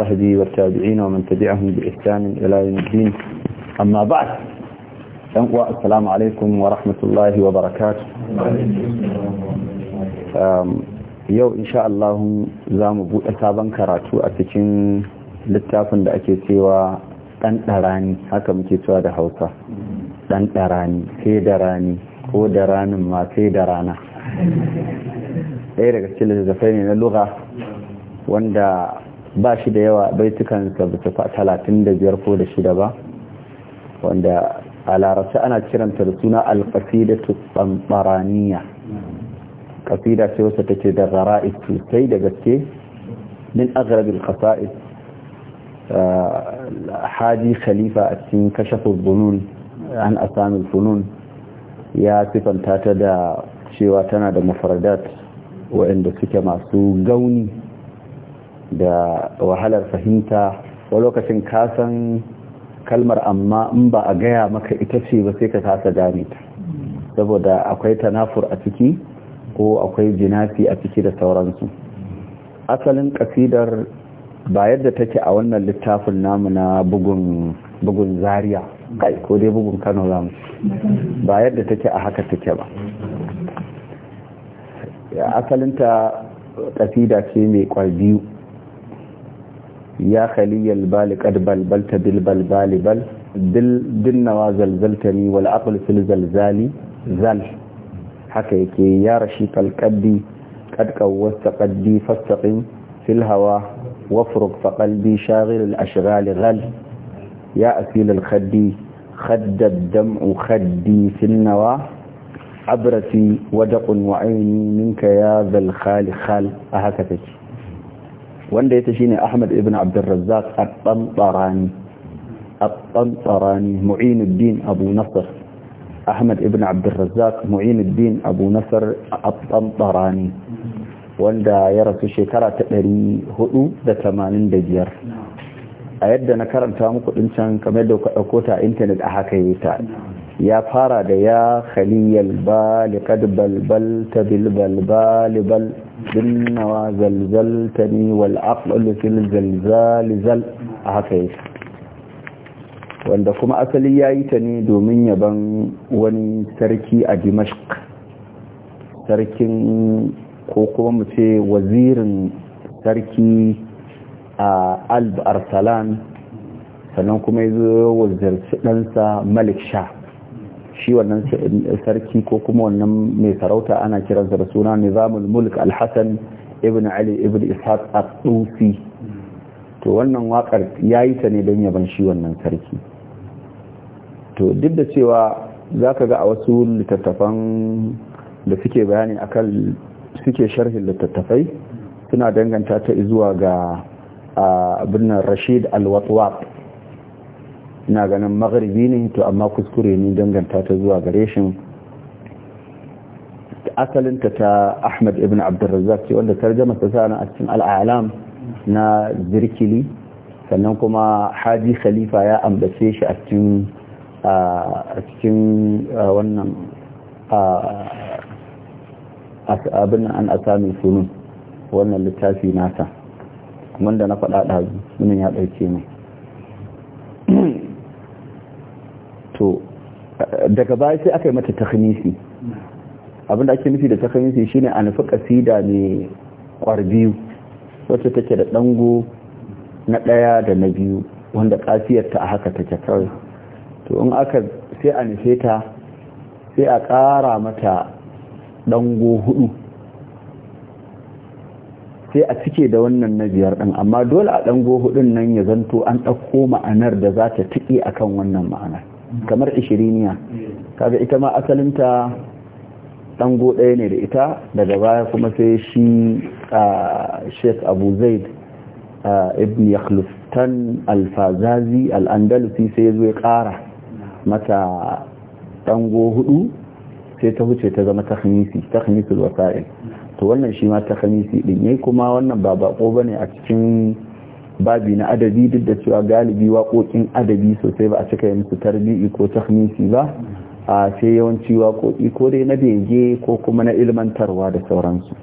الصحبي والتابعين ومن تبعهم بإحسان إلى المدين أما بعد السلام عليكم ورحمة الله وبركاته يو إن شاء الله زام أبو أسابا كراتو أتكين للتافن littafin سوى ake cewa ɗan ɗarani haka muke cewa da hausa ɗan ɗarani sai da rani ko da ranin ma sai da rana ɗaya daga cikin littattafai ne na lura wanda ba shi da yawa baitukan sabbata talatin da biyar ko da shida ba wanda a larabci ana kiranta da suna alƙasidatu tsambaraniya ƙasida ce wasu take da rara'i sosai da gaske min agrabil ƙasa'i ah, haji khalifa a cikin kashafu bunun an asamil funun ya sifanta ta da cewa tana da mafardat waɗanda suke masu gauni da wahalar fahimta wani lokacin kasan kalmar amma in ba a gaya maka ita ce ba sai ka kasa gane ta saboda akwai tanafur a ciki ko akwai jinafi a ciki da sauransu asalin kasidar ba yadda take a wannan littafin namu na bugun bugun zaria kai ko dai bugun kano zamu ba yadda take a haka take ba asalinta kasida ce mai kwal biyu ya khaliyal bali qad balbalta bil balbali bal bil nawa zalzaltani wal aql fil zalzali zal haka yake ya rashikal qaddi qad qawwasta qaddi fastaqim fil hawa wafruq fa qalbi shaghil ya asil al khaddi khadda ad dam'u khaddi fil nawa abrati wadaq wa ayni minka ya zal khali khal a haka take wanda ya ta shine Ahmad ibn Abdurrazzaq al tantarani tantarani Mu'inuddin Abu Nasr Ahmad ibn Abdurrazzaq Mu'inuddin Abu Nasr al tantarani wanda ya rasu shekara ta 485 a yadda na karanta muku din can kamar da kuka dauko ta internet a haka yayi ta ya fara da ya khaliyal bal qad tabil balbal binnawa wa zalzaltani wal aqlu fil a haka yake wanda kuma asali ya yi ta ne domin yaban wani sarki a dimashq sarkin ko kuma mu ce wazirin sarki a alb arsalan sannan kuma ya zo wazirci ɗansa malik sha shi wannan sarki ko kuma wannan mai sarauta ana kiransa da suna nizamul mulk alhassan ibn ali ibn ishaq at-tusi to wannan wakar yayi ta ne don yaban shi wannan sarki to duk da cewa zaka ga a wasu littattafan da suke bayani akan suke sharhin littattafai suna danganta ta zuwa ga abin Rashid al watwaq ina ganin magharibi ne to amma kuskure ne danganta ta zuwa gare shi asalinta ta ahmad ibn abdulrazzaq ce wanda tarjama ta sa a cikin al'alam na zirkili sannan kuma haji khalifa ya ambace shi a cikin a cikin wannan abin an asami sunun wannan littafi nata wanda na faɗaɗa ɗazu ya ɗauke ne to daga baya sai aka yi mata takhnisi abinda ake nufi da takhnisi shine a nufi kasida ne kwarbiyu wacce take da dango na daya da na biyu wanda kasiyarta a haka take kawai to in aka sai a nufe ta sai a ƙara mata dango hudu sai a cike da wannan na biyar ɗin amma dole a ɗango hudun nan ya zanto an ɗauko ma'anar da za ta tiki akan wannan ma'anar kamar ishiriniya kaga ita ma asalinta ɗango ɗaya ne da ita daga baya kuma sai shi sheikh abu zaid ibn yakhlustan alfazazi andalusi sai ya zo ya kara. mata ɗango hudu sai ta huce ta zama takhmisi takhmisul wasa'il to wannan shi ma takhmisi din yayi kuma wannan ba ko bane a cikin babi na adabi duk da cewa galibi waƙoƙin adabi sosai ba a cika yi musu tarbi'i ko tahmisi ba a sai yawanci waƙoƙi ko dai na bege ko kuma na ilmantarwa da sauransu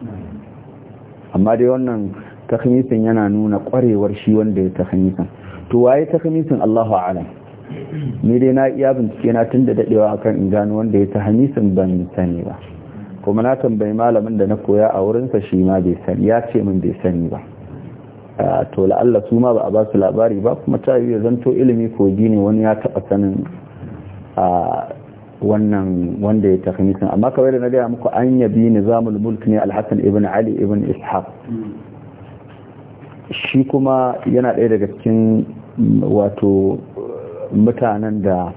amma dai wannan tahmisin yana nuna ƙwarewar shi wanda ya tahmisin to waye tahmisin Allahu a'lam ni dai na iya bincike na tun da daɗewa akan in gano wanda ya tahmisin ban sani ba kuma na tambayi malamin da na koya a wurinsa shi ma bai sani ya ce min bai sani ba to la'alla su ma ba a ba su labari ba kuma ta yi zanto ilimi kogi ne wani ya taɓa sanin a wannan wanda ya nisan amma kawai da na gaya muku an yabi nizamul mulk ne alhassan ibn ali ibn ishaq shi kuma yana ɗaya daga cikin wato mutanen da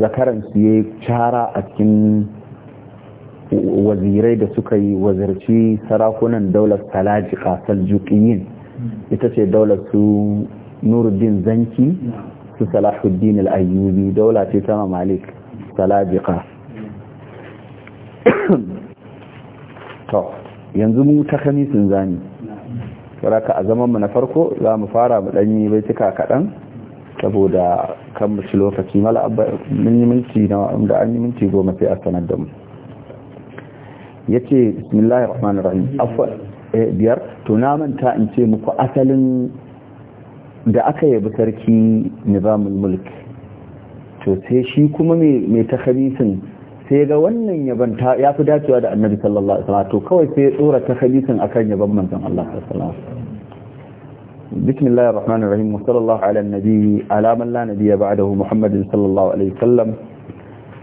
zakaransu ya yi cara a cikin wazirai da suka yi wazirci sarakunan daular salajika saljukiyin ita ce daular su nuruddin zanki su salahuddin al'ayyubi daula ce ta malik salajika to yanzu mu ta kamisin zani ka a zamanmu na farko za mu fara mu ɗanyi bai cika kaɗan saboda kan lokaci mala abba mun yi minti na da an yi minti goma sai a sanar da mu yace bismillahir rahmanir rahim afwa eh, biyar to na manta in ce muku asalin da aka yabi sarki nizamul mulk to sai shi kuma mai takhabisin sai ga wannan yaban ya fi dacewa da annabi sallallahu alaihi wasallam to kawai sai ya tsora takhabisin akan yaban manzon Allah sallallahu alaihi wasallam بسم الله الرحمن الرحيم وصلى الله على النبي على من لا نبي بعده محمد صلى الله عليه وسلم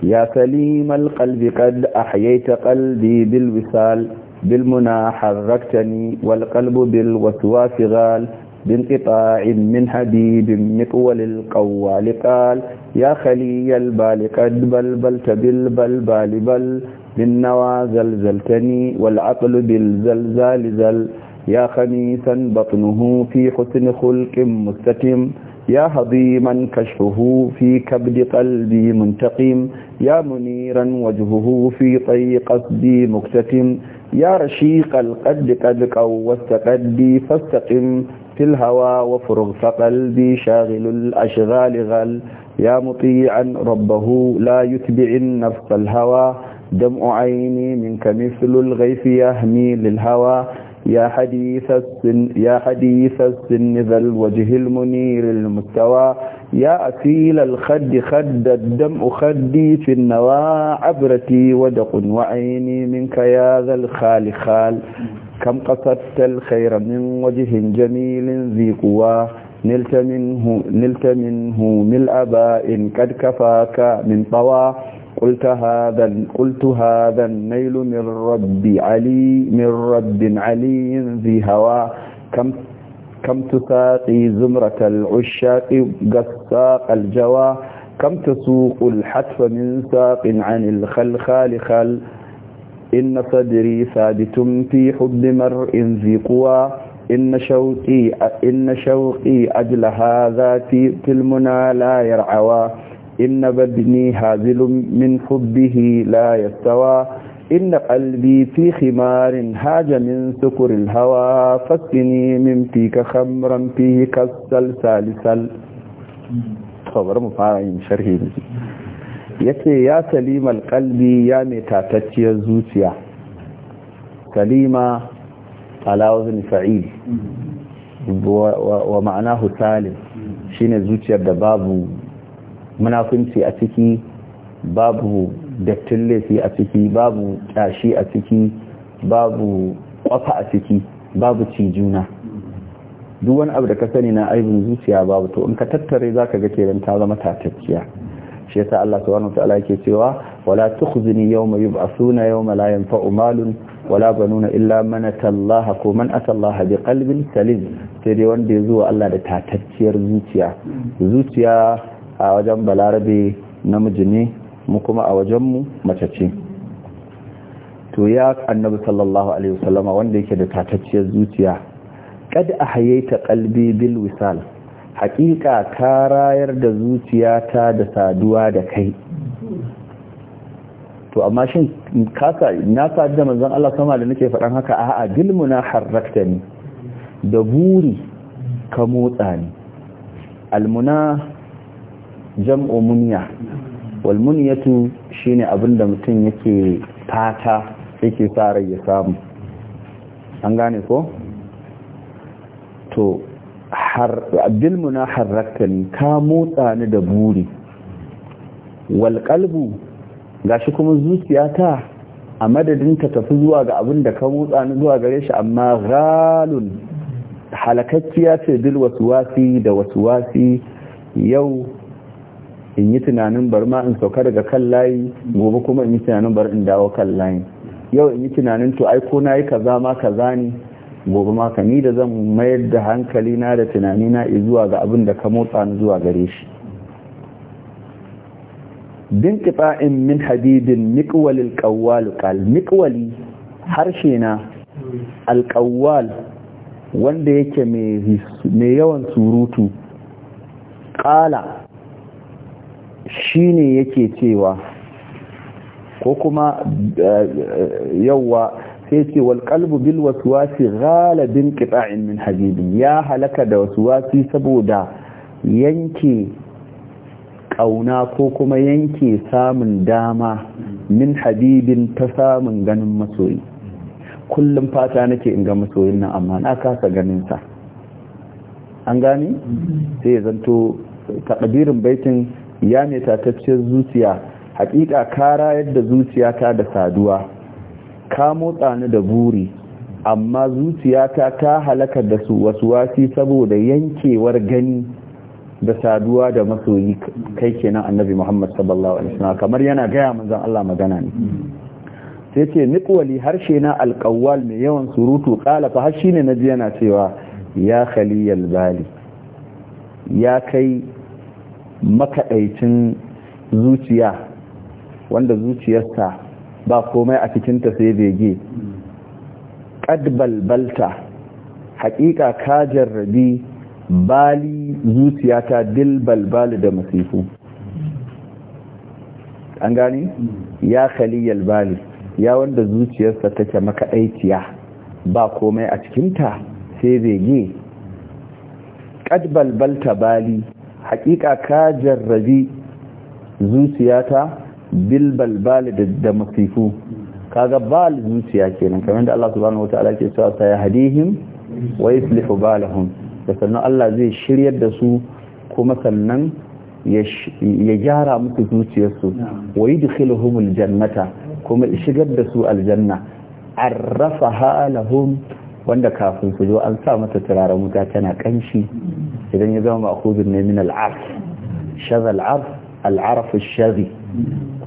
يا سليم القلب قد أحييت قلبي بالوصال بالمنى حركتني والقلب بالوسواس غال بانقطاع من حبيب مقول القوال قال يا خلي البال قد بلبلت بالبلبال بل بالنوى زلزلتني والعقل بالزلزال زل يا خميسا بطنه في حسن خلق مستتم يا هضيما كشفه في كبد قلبي منتقم يا منيرا وجهه في طي قصدي مكتتم يا رشيق القد قد قوست قدي فاستقم في الهوى وفرغ فقلبي شاغل الأشغال غل يا مطيعا ربه لا يتبع النفس الهوى دمع عيني منك مثل الغيث يهمي للهوى يا حديث السن يا حديث السن ذا الوجه المنير المستوى يا أسيل الخد خد الدم خدي في النوى عبرتي ودق وعيني منك يا ذا الخال خال كم قصدت الخير من وجه جميل ذي قوى نلت منه نلت منه ملء باء قد كفاك من طوى قلت هذا قلت هذا النيل من رب علي من رب علي ذي هوى كم كم تساقي زمرة العشاق قساق الجوى كم تسوق الحتف من ساق عن الخلخال خل إن صدري ثابت في حب مرء ذي قوى إن شوقي إن شوقي أجل هذا في المنى لا يرعوى إن بدني هازل من حبه لا يستوى إن قلبي في خمار هاج من سكر الهوى فاسقني من فيك خمرا فيه كالسلسال سل خبر مفاعل شرحي yace ya salimal kalbi ya mai tatacciyar zuciya salima alawazin fa'il wa ma'ana salim shine zuciyar da babu munafunci a ciki babu dattin laifi a ciki babu ƙyashi a ciki babu ƙwafa a ciki babu cijuna duk wani abu da ka sani na aibin zuciya babu to in ka tattare za ka ga kenan ta zama tatacciya shi yasa Allah subhanahu wataala yake cewa wala tukhzini yawma yub'athuna yawma la yanfa'u malun wala banuna illa man atallaha ko man atallaha bi qalbin salim sai dai wanda ya zuwa Allah da tatacciyar zuciya zuciya a wajen balarabe namiji ne mu kuma a wajenmu mace ce to ya annabi sallallahu alaihi wasallama wanda yake da tatacciyar zuciya kad ahayaita qalbi bil wisal haqiqa ka rayar da zuciyata da saduwa da kai to amma shin kasa na sadu da manzon Allah sama da nake faɗan haka a'a dilmuna harraktani da buri ka motsa ni almuna jam'u muniya, wal shi shine abinda mutum yake fata yake fara ya samu an gane ko to har bilmuna harrakani ka motsa ni da buri wal qalbu gashi kuma zuciyata a madadin ta tafi zuwa ga abin da ka motsa ni zuwa gare shi amma ghalun halakacciya ce dil wasi da wasu wasi yau in yi tunanin bar ma in sauka daga kan layi gobe kuma in yi tunanin bar in dawo kan layi yau in yi tunanin to ai ko na yi kaza ma kaza ne gobe ma ka ni da zan mayar da hankali na da tunani na zuwa ga abin da ka motsa ni zuwa gare shi din qita'in min hadidin miqwal alqawwal qal miqwali harshe na alqawwal wanda yake mai yawan surutu qala Shi ne yake cewa ko kuma eh, eh, yawwa sai ce wal qalbu bil waswasi ghalibin qita'in min habibi ya halaka da waswasi saboda yanke kauna ko kuma yanke samun dama min habibin ta samun ganin masoyi kullum fata nake inga ga masoyin nan amma na kasa ganin sa an gani sai zanto takadirin baitin ya mai tatacciyar zuciya hakika kara yadda zuciyata da saduwa ka motsa ni da buri amma zuciyata ta halaka da su wasu wasi saboda yankewar gani da saduwa da masoyi kai kenan annabi muhammad sallallahu alaihi wasallam kamar yana gaya manzon Allah magana ne sai ce niqwali harshe na alqawwal mai yawan surutu qala fa har shine naji yana cewa ya khaliyal bali ya kai makaɗaicin zuciya wanda zuciyarsa ba komai a cikinta sai bege ƙadbal balta haƙiƙa ka jarrabi bali zuciyata dil balbali da masifu an gani ya khaliyal bali ya wanda zuciyarsa take makaɗaiciya ba komai a cikinta sai bege ƙadbal balta bali haƙiƙa ka jarrabi zuciyata bil balbal da masifu kaga bal zuciya kenan kamar da Allah subhanahu wataala ke cewa sai hadihim wa yuslihu balahum da sannan Allah zai shiryar da su kuma sannan ya gyara musu zuciyarsu wa yudkhiluhumul jannata kuma shigar da su aljanna arrafa halahum wanda kafin su zo an sa mata turaren wuta tana kanshi اذا اذا ماخوذ من العرف شذ العرف العرف الشذي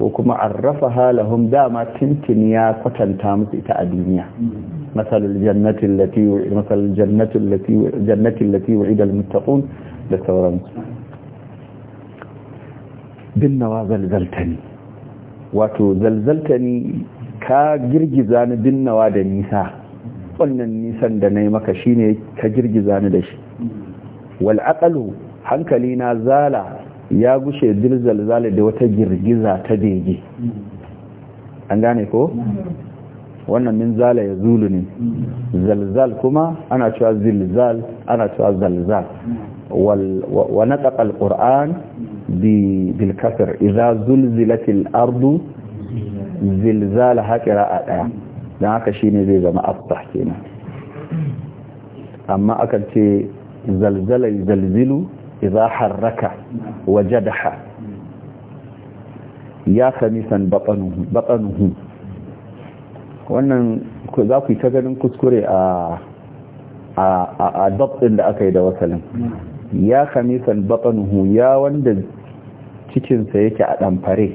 وكما عرفها لهم داما تنتنيا وتنتامس إتأدينيا مثل الجنة التي مثل الجنة التي الجنة التي وعد المتقون المسلمة. بالنوا زلزلتني واتو زلزلتني كا جرجزان بالنوا دنيسا قلنا النيسان دنيمك شيني كجرجزان دشي wal aqalu hankali na zala ya gushe dirzal zala da wata girgiza ta bege an gane ko wannan min zala ya zulu ne zalzal kuma ana cewa zilzal ana cewa zalzal wa nataqa alquran bi bil kasr idza zulzilatil ardu zilzala haqira a daya dan haka shine zai zama afsah kenan amma akan ce zalzala zalzilu idza harraka wa ya samisan batanuhu batanuhu wannan za ku yi ta ganin kuskure a a dabtin da aka yi da wasalin ya kamisan batanuhu ya wanda cikinsa yake a ɗamfare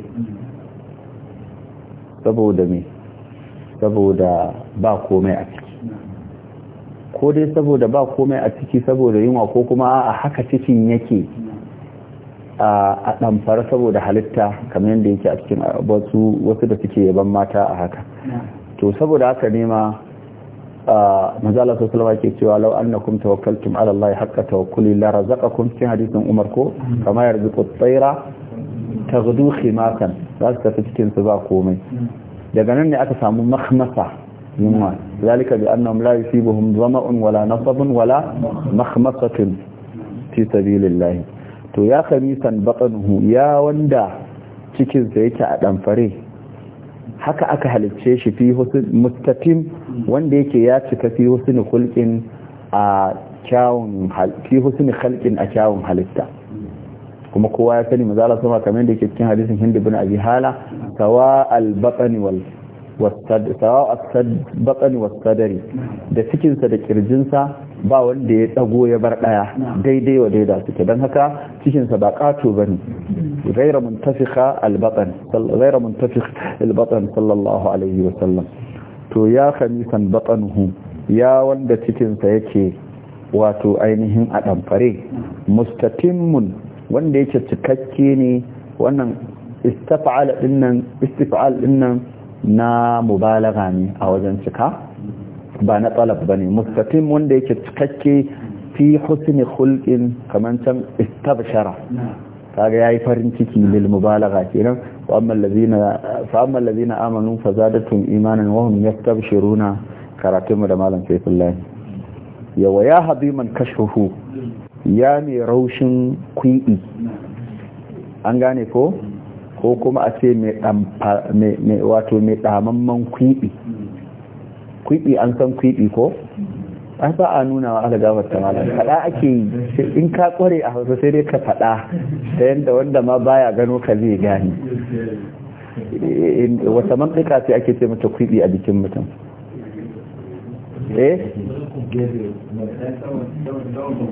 saboda me saboda ba komai a ciki ko dai saboda ba komai a ciki saboda yunwa ko kuma a haka cikin yake a ɗamfara saboda halitta kamar yadda yake a cikin wasu wasu da suke yaban mata a haka to saboda haka ne ma mazala sosai ke cewa lau an na kuma tawakkaltum ala Allah haka tawakkuli zaka kuma cikin hadisin Umar ko kama yarzuqu tsaira taghdu khimakan za su tafi cikin su ba komai daga nan ne aka samu makhmasa yunwa zalika bi annahum la yusibuhum zama'un wala wala makhmasatun fi sabilillah to ya san batanuhu ya wanda cikin sa yake a danfare haka aka halicce shi fi husn mustaqim wanda yake ya cika fi husn khulqin a kyawun fi a kyawun halitta kuma kowa ya sani mazala sama kamar da yake cikin hadisin hindu bin abi hala sawa al wal sawa wasu sadari da cikinsa da kirjinsa ba wanda ya tsago ya bar ɗaya daidai wa daida suke don haka cikinsa ba ƙato ba ne zaira muntafika albaƙan sallallahu alaihi wasallam to ya khamisan baƙanuhu ya wanda cikinsa yake wato ainihin a ɗamfare mustatimmun wanda yake cikakke ne wannan istifa'al dinnan. na mubalaga ne a wajen cika ba na talab ba ne mustaqim wanda yake cikakke fi husni khulqin kamar can istabshara kaga yayi farin ciki lil mubalaga kenan wa na allazina fa amma allazina amanu fazadatum imanan wa hum yastabshiruna karatun da malam sayfullah yawa ya habiman kashuhu ya ne raushin kui'i an gane ko ko kuma a ce mai wato mai ɗamamman kwiɓi kwiɓi an san kwiɓi ko An ba a nuna wa ala gafar ta malam faɗa ake yi in ka kware a hausa sai dai ka faɗa ta yadda wanda ma baya gano ka zai gani eh, wata mantika sai ake ce mata kwiɓi a jikin mutum eh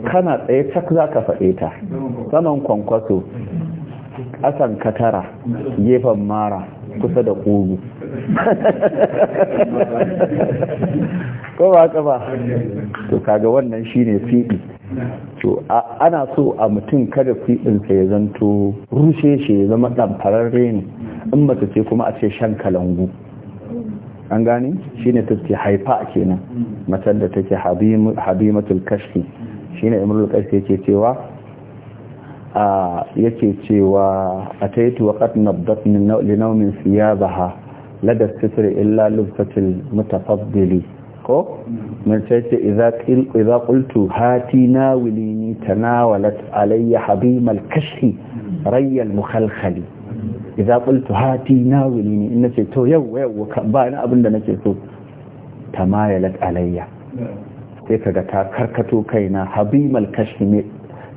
kana tsaye cak za ka faɗe ta saman kwankwaso ƙasan katara gefen mara kusa da ƙugu ko ba ka ba to kaga wannan shine fiɗi to ana so a mutum kada fiɗinsa ya zanto rushe shi ya zama ɗanfararre ne in mace ce kuma a ce shan kalangu an gani shine ta ce haifa kenan macen da take habimatul shi shine imrul kashfi yake cewa a yake cewa a ta yi tuwaƙat na linaumin siyaba ha ladar sitri illa lufatil mutafafdili ko? mercece izakultu hati na wili ni ta nawalat alayya habimal kashi rayyal mukhalkhali izakultu hati na wili ni ina ce to yau ba ina abinda nake so ta mayalat alayya sai ka ga ta karkato kaina habimal kashi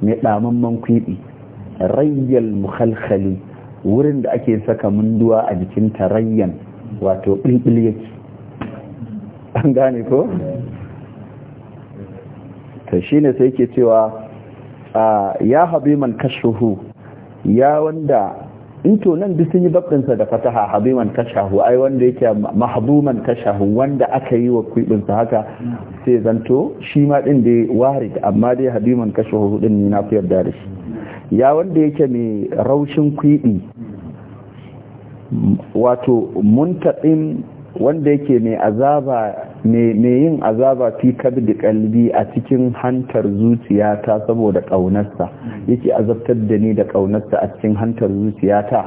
mai ɗamamman kwiɓi rayyal mukhalkhali wurin da ake saka munduwa a jikin tarayyan wato bilbil yake an gane ko to shine sai yake cewa ya habiman kashuhu ya wanda in nan duk sun yi babbinsa da fataha habiman kashahu ai wanda yake mahbuman kashahu wanda aka yi wa kuibinsa haka sai zanto shi ma din da warid amma dai habiman kashahu din ni na fi yarda da shi ya wanda yake mai raushin kwiɗi wato muntaɗin wanda yake mai azaba mai yin azaba fi kabdi kalbi a cikin hantar zuciyata saboda ƙaunarsa yake azabtar da ni da ƙaunarsa a cikin hantar zuciyata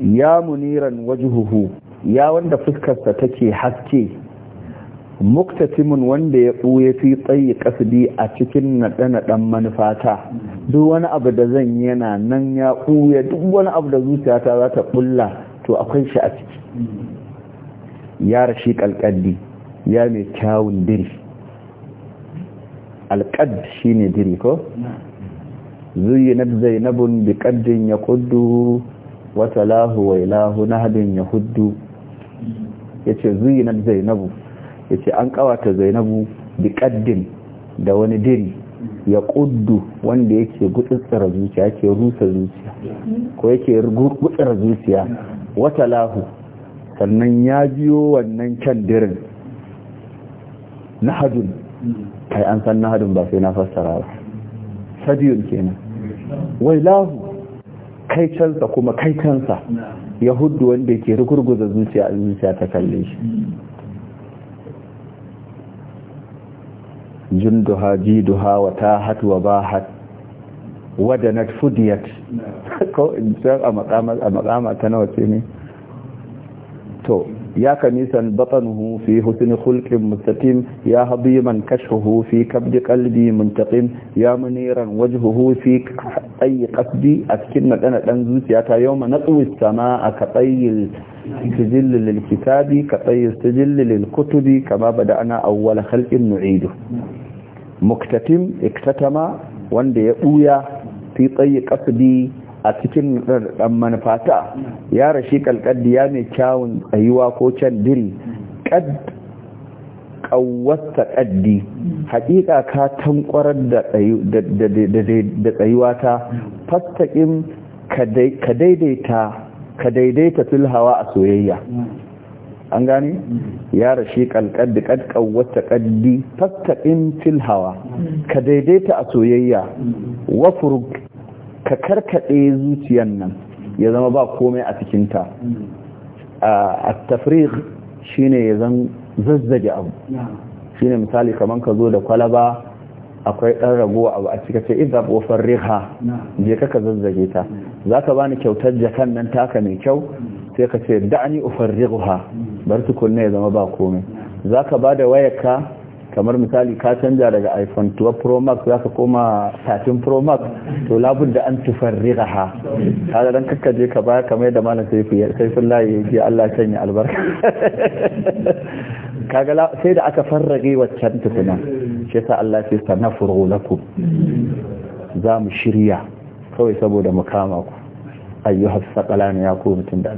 ya muniran wajuhuhu ya wanda fuskarsa take haske muktatimun wanda ya ɓuye fi tsayi kasbi a cikin naɗe-naɗen manufata duk wani abu da zan yana nan ya ɓuye duk wani abu da zuciyata za ta ɓulla to akwai shi a ciki ya rashi ƙalƙalli ya mai kyawun diri alƙad shi ne diri ko zuyi na zainabun bi ƙaddin ya kuddu wata lahu wailahu nahadin ya huddu ya ce zuyi na zainabu ya ce an kawata zainabu kaddin da wani din ya kuddu wanda yake gutsutsura zuciya yake rusa zuciya ko yake gutsutsura zuciya wata lahu sannan ya biyo wannan kyandirin nahadun kai an san nahadun ba sai na fassara ba sadiyun kenan wai lahu kai cansa kuma kai cansa hudu wanda yake rugurguza zuciya a zuciya ta kalle shi junduha jiduha wa tahat wa bahat wadanat fudiyat ko in san a maqama a maqama ta ya kamisan batnuhu fi husn khulqin mustaqim ya hadiman kashfuhu fi kabd qalbi muntaqim ya muniran wajhuhu fi ay qasdi askin madana dan zuciyata yawma natwi samaa ka tayil kitabi ka tayil sijil lil kutubi kama halkin nu'idu muktatim iktatama wanda ya buya fi tsayi kasdi a cikin ɗan manufata ya rashi kalkaddi ya mai kyawun tsayuwa ko can diri kad kawwata kaddi haƙiƙa ka tankwarar da tsayuwata, ta ka daidaita ka daidaita filhawa a soyayya an gane ya rashe kalkaddi kadkan wata kaddi fil ka daidaita a soyayya wafur ka karkaɗe zuciyan nan ya zama ba komai a cikinta a tafriq shine ya zan zazzage abu shine misali kamar ka zo da kwalaba akwai ɗan ragowa abu a cikace idza wafar riha je ka ka zazzage ta zaka bani kyautar jakan nan taka mai kyau sai ka ce da'ani ufarrigha bar tukunna ya zama ba komai zaka bada wayarka kamar misali ka canja daga iPhone 12 Pro Max zaka koma 13 Pro Max to labudda an tufarrigha kada dan kakkaje ka ba kamar da malam sai saifullahi ji Allah sanya albarka kaga sai da aka farrage ta kuma sai sa Allah sai sa lakum za mu shirya kawai saboda mu kama ku ayyuhas saqalani ya ku da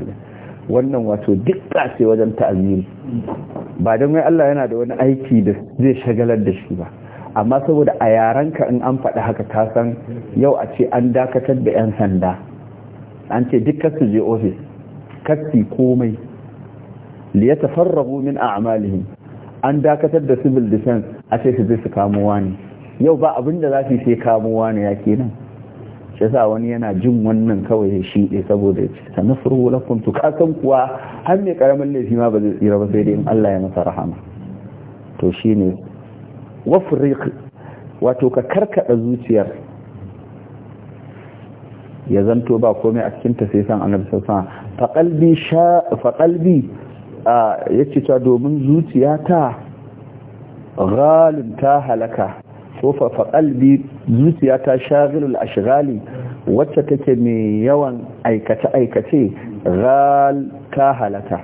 wannan wato dukka ce wajen ta'aziri ba don wai Allah yana da wani aiki da zai shagalar da shi ba amma saboda a yaranka in an faɗi haka ta san yau a ce an dakatar da 'yan sanda an ce dukkan su je ofis kassi komai liyata farrabu min a amalihim an dakatar da civil defense a ce su zai su kamuwa ne yau ba abin da za su sai kamuwa ne ya kenan shi yasa wani yana jin wannan kawai shi ɗai saboda ya ce na furhu lakum to kakan kuwa har mai karamin laifi ma ba zai tsira ba sai dai in Allah ya masa rahama to shi ne wafirik wato ka karkaɗa zuciyar ya zanto ba komai a cikin ta sai san annabi sallallahu alaihi fa qalbi sha fa qalbi ta domin zuciyata ghalin ta halaka ko fa zuciya ta shagilul ashghali wacce take mai yawan aikace aikace ghal ta halata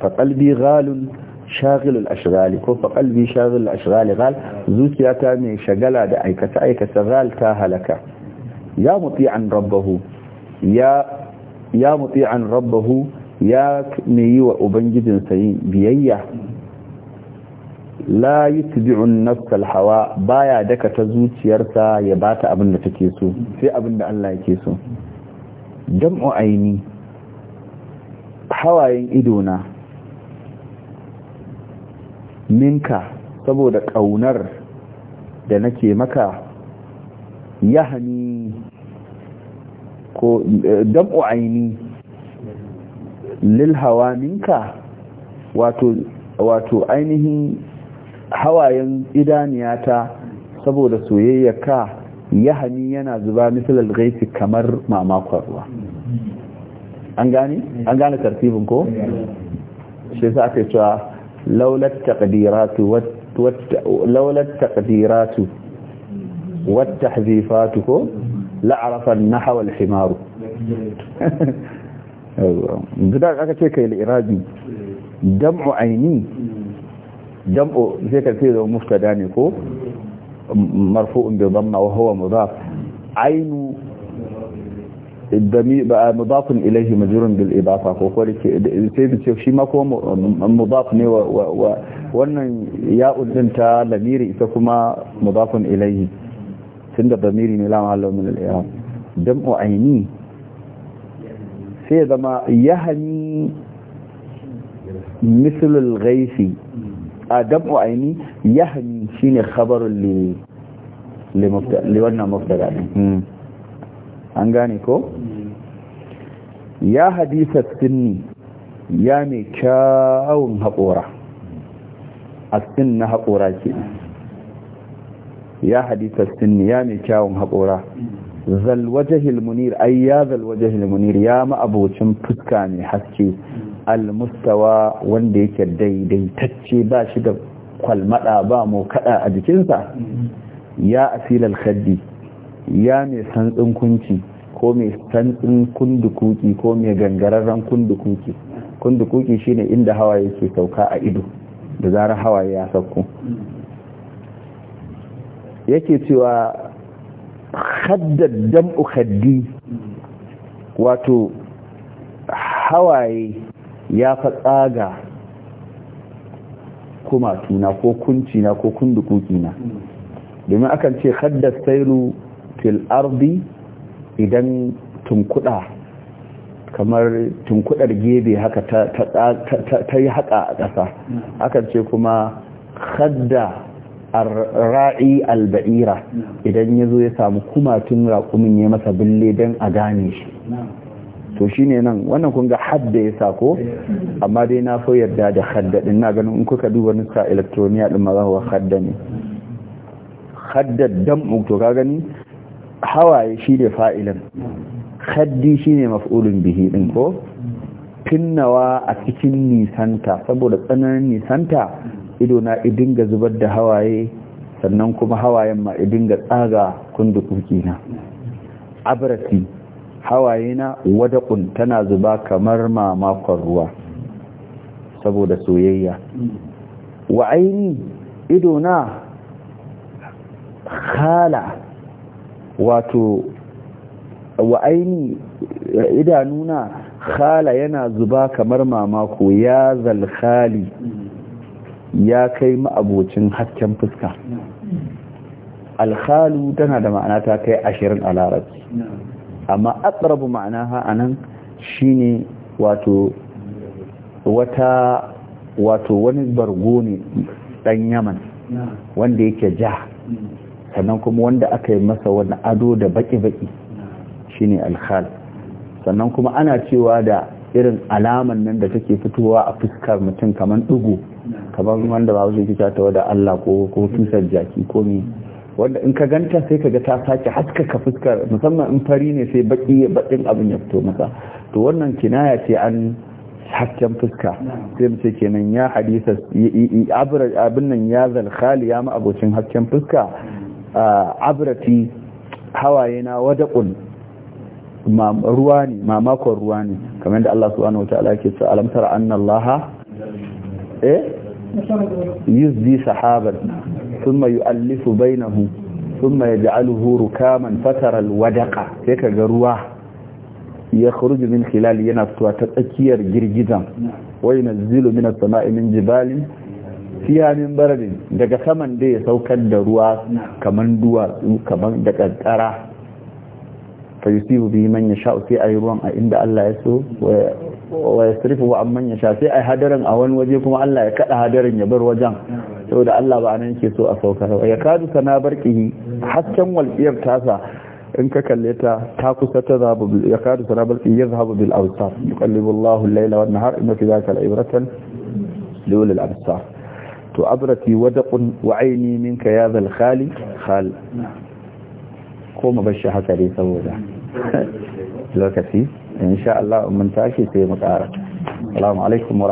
fa qalbi ghalun shagilul ashghali ko fa qalbi shagilul ashghali ghal zuciya ta mai shagala da aikace aikace ghal ta halaka ya muti'an rabbahu ya ya muti'an rabbahu ya mai yi wa ubangijinsa biyayya la yutbi'un nafsal hawa baya daka ta zuciyarsa ya bata abin da take so sai abin da Allah yake so jam'u aini hawayen idona minka saboda kaunar da nake maka yahni ko jam'u aini lil hawa minka wato wato ainihin hawayen idaniyata saboda soyayya ka yahani yana zuba misalar gaifi kamar mamakon ruwa an gane an gane tartibin ko shi sa aka cewa laulat taqdiratu laulat taqdiratu wat tahzifatu ko la'arafa an-nahwa wal-himaru guda aka ce kai al dam'u aini jam'u sai ka ce zama muftada ne ko marfu'un bi dhamma wa huwa mudaf ainu الدمي بقى ko اليه مجرور بالاضافه فقول ce shi ma هو مضاف ne wa wannan ya udinta lamiri ita kuma mudafun ilayhi tunda damiri ne la mahallu min al-i'rab dam'u aini sai zama yahni مثل الغيث adam wa aini yahni shine khabarun li li wannan mubtada ne an gane ko ya hadisa sinni ya mai kyawun haƙora a sin na haƙora ke ya hadisa sinni ya mai kyawun haƙora zalwajahil munir ai ya zalwajahil munir ya ma ma'abocin fuska mai haske almustawa wanda yake daidaitacce ba shi da kwalmada ba mu kada a jikinsa ya asilal khaddi ya mai santsin kunci ko mai santsin kundukuki ko mai gangararren kundukuki kundukuki shine inda hawaye yake sauka a ido da zarar hawaye ya sauko yake cewa haddad dam'u khaddi wato hawaye ya fa tsaga kuma tuna ko kunci na ko na. domin akan ce haddar sairu fil ardi idan tunkuda kamar tunkudar gebe haka ta yi haka a ƙasa akan ce kuma hadda ra'i alba'ira idan yazo ya samu kuma tun raƙumin ya masa bille don a gane shi to shi ne nan wannan kunga hadda ya sako amma dai na fi yarda da hadda din na ganin in kuka duba nuska elektroniya din ma za ku hadda ne hadda dam to ka gani hawaye shi ne fa'ilin haddi shi ne maf'ulun bihi din ko finnawa a cikin nisanta saboda tsananin nisanta ido na idinga zubar da hawaye sannan kuma hawayen ma ga tsaga kundukuki na abrasi hawayena wadaqun tana zuba kamar mamakon ruwa saboda soyayya wa aini na khala wato wa aini idanuna khala yana zuba kamar mamako ya zalkhali ya kai ma'abocin hasken fuska alkhalu tana da ma'ana ta kai ashirin a larabci amma aqrabu ma'anaha anan shine wato wata wato wani bargo ne dan Yaman wanda yake ja sannan kuma wanda aka yi masa wani ado da baki-baki shine alkhal sannan kuma ana cewa da irin alaman nan da take fitowa a fuskar mutum kamar dugu kamar wanda ba su ta wada Allah ko ko tusar jaki ko me wanda in ka ganta sai ka ga ta sake haskaka fuskar musamman in fari ne sai baki bakin abin ya fito masa to wannan kinaya ce an hasken fuska sai mace kenan ya hadisa abin nan ya zalkhali ya ma abocin hasken fuska abrati hawaye na wadakun ruwa ne mamakon ruwa ne kamar da Allah subhanahu wataala ke ce alam tara anna a eh yuzdi ثم يؤلف بينه ثم يجعله ركاما فترى الودق هيك غروا يخرج من خلال ينفتوا تتكير جرجزا وينزل من السماء من جبال fiya min baradin daga saman da ya saukar da ruwa kaman duwatsu kaman da kankara fa yusibu bihi man yasha sai ayi ruwan inda Allah ya so wa yasrifu wa sai ayi hadarin a wani waje kuma Allah ya kaɗa hadarin ya bar wajen saboda Allah ba anan ke so a saukar ya kadu sana barkihi hasken walƙiyar tasa in ka kalle ta ta kusa ta zabu ya kadu sana barkihi ya zahabu bil awsar yuqallibu Allahu al-layla wan nahar inna fi dhalika la'ibratan li ulil absar to abrati wadaqun wa aini minka ya dhal khali khal koma bashi haka dai saboda lokaci insha Allah mun tashi sai mu ƙara assalamu alaikum